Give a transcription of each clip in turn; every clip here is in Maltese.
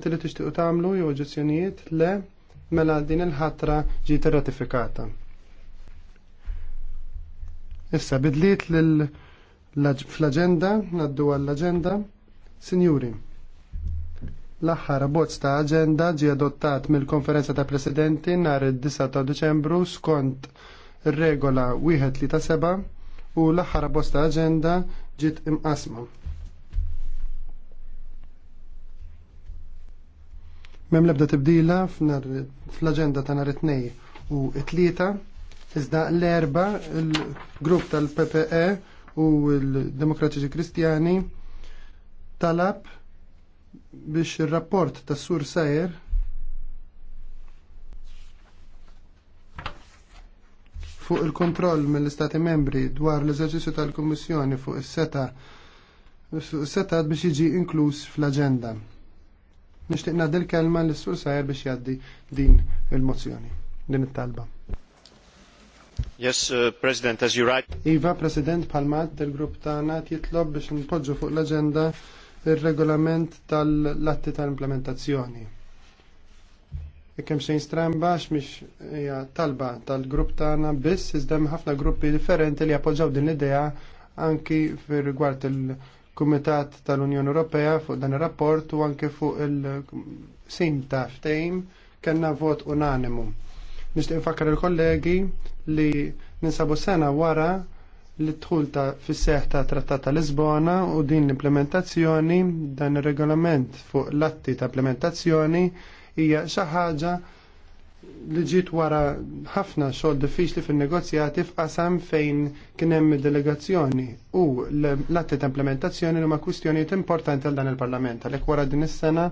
Inti li tixtiqu tagħmlu jew oġġezzjonijiet le mela din il-ħatra ġiet irratifikata. Issa bidliet fl-aġenda, naddu għall-aġenda, Sinjuri. L-aħħar bozz ta' aġenda ġie adottat mill-Konferenza ta' Presidenti nhar id-9 ta' Deċembru skont ir-regola 1 u l-aħħar bozz ta' aġenda ġiet imqasma. Mem lebda tibdila fl-agenda ta' nhar it-tnej u it-tlieta, iżda l-erba il-grupp tal-PPE u l-Demokratiċi Kristjani talab biex il-rapport ta' Sur Sajer fuq il-kontroll mill-Istati membri dwar l-eżerċizzju tal-Kummissjoni fuq is-seta' seta biex jiġi inkluż fl-aġenda. Nixtieq ngħaddi kelma lis sur Sajer biex jgħaddi din il-mozzjoni, din it-talba. Yes, uh, President, as you right. Iva, President Palmat, il-grupp tagħna jitlob biex npoġġu fuq l-aġenda ir-regolament tal-latti tal-implementazzjoni. Ikkem xejn stramba mhix hija talba tal-grupp tagħna biss iżda hemm ħafna gruppi differenti li appoġġaw din l-idea anki fir rigward il- Kumitat tal-Unjoni Ewropea fuq dan ir-rapport u anke fuq il-sim ta' ftejm kellna vot unanimu. Nixtieq nfakkar il-kollegi li ninsabu sena wara li tħul ta' fis-seħ ta' Trattat ta' Lisbona u din l-implementazzjoni dan ir-regolament fuq l-atti ta' implementazzjoni hija xi ħaġa li ġiet wara ħafna xogħol diffiċli fin-negozjati f'qasam fejn kien hemm delegazzjoni u l-atti ta' implementazzjoni huma kwistjonijiet importanti għal dan il-Parlament. Għalhekk wara din is-sena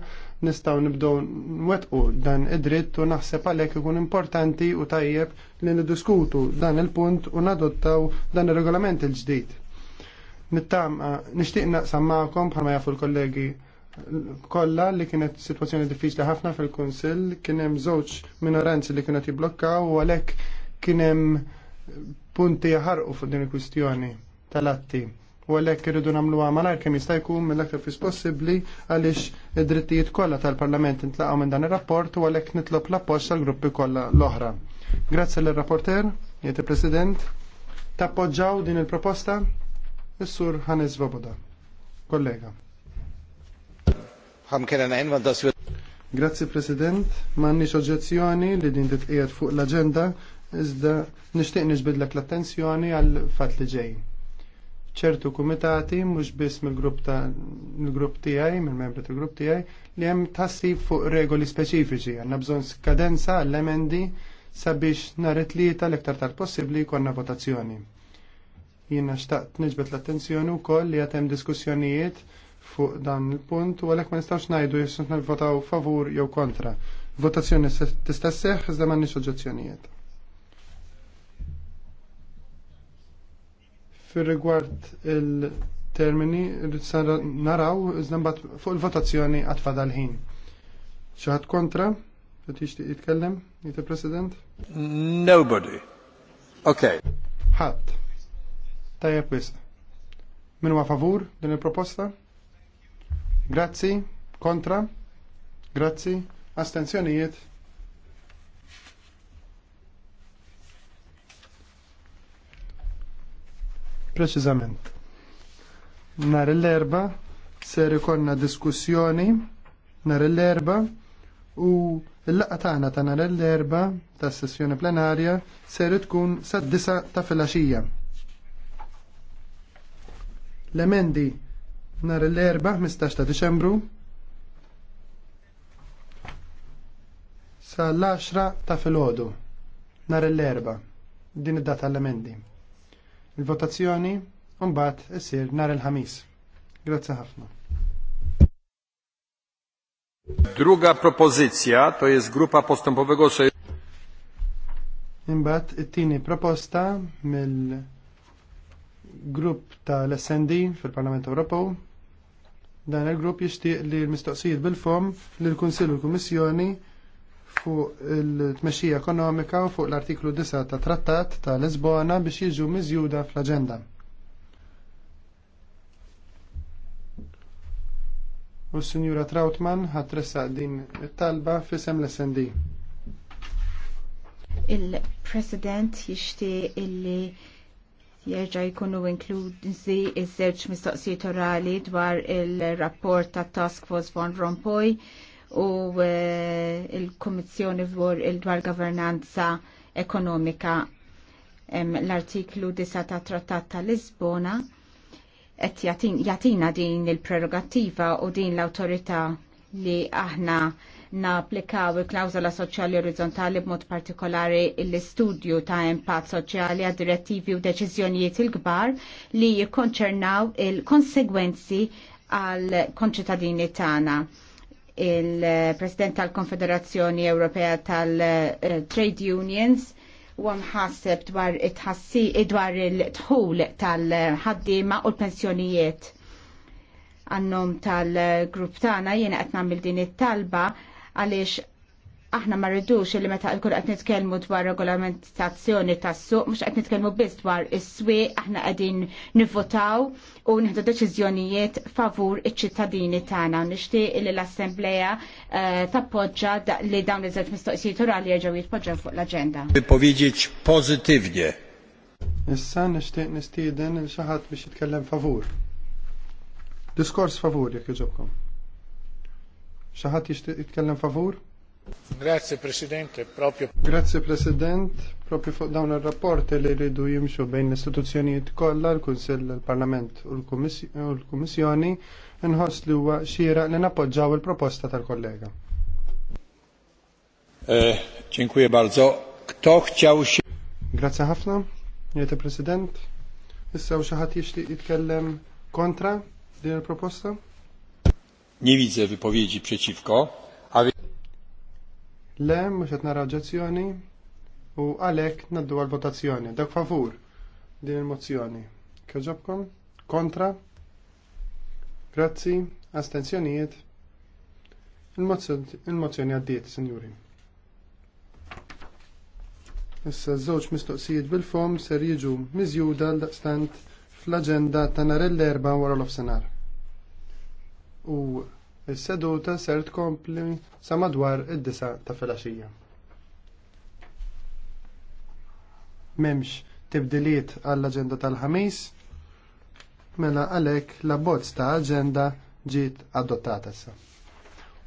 nistgħu nibdew nwettqu dan id-dritt u naħseb għalhekk ikun importanti u tajjeb li niddiskutu dan il-punt u nadottaw dan ir-regolament il-ġdid. Nittama nixtieq naqsam magħkom bħalma jafu l-kollegi Kolla li kienet sitwazzjoni diffiċli ħafna fil-Kunsill, kien hemm żewġ minoranzi li kienu jiblokkaw u għalhekk kien hemm punti jaħarqu fuq din il-kwistjoni tal-atti u għalek irridu namlu għamalar kem jista' jkun mill-aktar fis possibbli għaliex id-drittijiet kollha tal-Parlament intlaqgħu minn dan ir-rapport u għalhekk nitlob l-appoġġ tal-gruppi kollha l-oħra. Grazzi l rapporter jiet il-President, tappoġġaw din il-proposta is-Sur Hannes Voboda. Kollega. Grazie President, m'għandniex oġġezzjoni li din titqiegħed fuq l-aġenda, iżda nixtieq nixbidlek l-attenzjoni għal fatt li ġej. ċertu kumitati mhux biss mill-grupp ta' mill-grupp tiegħi, mill-membri tal-grupp tiegħi, li hemm tassi fuq regoli speċifiċi, għandna bżonn skadenza għall-emendi sabiex nhar it-tlieta l-iktar tal-possibbli konna votazzjoni. Jina xtaqt niġbed l-attenzjoni wkoll li għatem diskussjonijiet fuq dan il-punt u għalhekk ma nistawx ngħidu jessu nivvotaw favur jew kontra. Votazzjoni tista' sseħħ iżda manni oġġezzjonijiet. Fir-rigward il-termini rrid naraw iżda mbat fuq il-votazzjoni għad fadal ħin. Xi ħadd kontra? Qed jixtieq jitkellem, jitte president Nobody. Okay. Ħadd. Tajja wisq. Min huwa favur din il-proposta? Grazzi, kontra, grazzi, astenzjonijiet. Preċiżament. Nar l-erba ser ikonna diskussjoni nar l-erba u l-laqqa tagħna ta' nar l-erba ta' sessjoni plenarja ser tkun sa' disa ta' filgħaxija. L-emendi Nar l-erba' 15 ta' Diċembru sa l-10 ta' filgħodu nhar l-erba' din id-data l-emendi. Il-votazzjoni mbagħad isir nhar il-ħamis. Grazzi ħafna. Druga propozizja to jest grupa postępowego Imbagħad it-tieni proposta mill-grupp tal-SND fil-Parlament Ewropew Dan il-grupp jixtieq li l-mistoqsijiet bil-fom li l-Kunsill u l-Kummissjoni fuq il-tmexxija ekonomika u fuq l-artiklu 9 ta' Trattat ta' Lisbona biex jiġu miżjuda fl-aġenda. U s-Sinjura Trautman ħatressaq din it-talba fisem l-SND. Il-President jishtiq illi jerġa' jkunu inklużi iż-żewġ mistoqsijiet orali dwar il-rapport ta' Task Force von Rompuy u eh, il-Kummissjoni dwar dwar governanza ekonomika l-artiklu 9 ta' Trattat ta' Lisbona qed jatina din il-prerogattiva u din l-awtorità li aħna naplikaw il-klawzola soċjali orizzontali b'mod partikolari l-istudju ta' impatt soċjali għad direttivi u deċiżjonijiet il-kbar li jikkonċernaw il-konsegwenzi għal konċittadini tagħna il-President tal-Konfederazzjoni Ewropea tal-Trade Unions u mħasseb dwar it-ħassi dwar il-tħul tal-ħaddima u l-pensjonijiet. Għannum tal-grupp tana jena qed nagħmel din it-talba għaliex aħna ma rridux li meta l qed nitkellmu dwar regolamentazzjoni tas-suq, mhux qed nitkellmu biss dwar is-swieq, aħna qegħdin nivvotaw u nieħdu deċiżjonijiet favur iċ-ċittadini tagħna. Nixtieq li l-Assembleja eh, tappoġġa li dawn iż-żewġ mistoqsijiet li jerġgħu jitpoġġaw fuq l-aġenda. Wypowiedzieć pozytywnie. Issa nixtieq nistieden il xi ħadd biex jitkellem favur. Diskors favur jekk iġobkom. Xaħat jitkellem favur? Grazie Presidente, proprio. Grazie President, proprio fuq dawn ir-rapporti li rridu jimxu bejn l-istituzzjonijiet kollha, l-Kunsill, il-Parlament u l-Kummissjoni, nħoss li huwa xira li nappoġġaw il-proposta tal-kollega. Eh, dziękuję bardzo. Kto chciał się... Grazie ħafna, jete President. Issa u xaħat jishtiq jitkellem kontra din il-proposta? Nie widzę wypowiedzi przeciwko. A wy... Le, mux għetna raġazzjoni u Alek na dual votazzjoni Dak favur din il-mozzjoni. Kħġobkom? Kontra? Grazzi? Astenzjonijiet? Il-mozzjoni għaddiet, signori. Issa żewġ mistoqsijiet bil-fom ser jiġu miżjuda l-daqstant fl-aġenda ta' nhar l-erba' wara l-ofsenar u s-seduta ser tkompli sa madwar id-disa ta' filgħaxija. M'hemmx tibdiliet għall-aġenda tal-ħamis, mela għalhekk la bozz ta' aġenda ġiet adottata issa.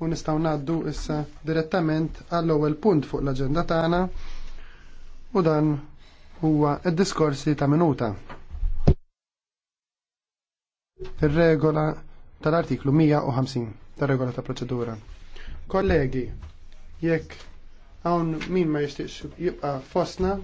U nistgħu ngħaddu issa direttament għall-ewwel punt fuq l-aġenda tagħna u dan huwa id-diskorsi ta' minuta. Ir-regola tal-artiklu 150 tal-regola ta' proċedura. Kollegi, jekk hawn min ma jistiex jibqa' fosna.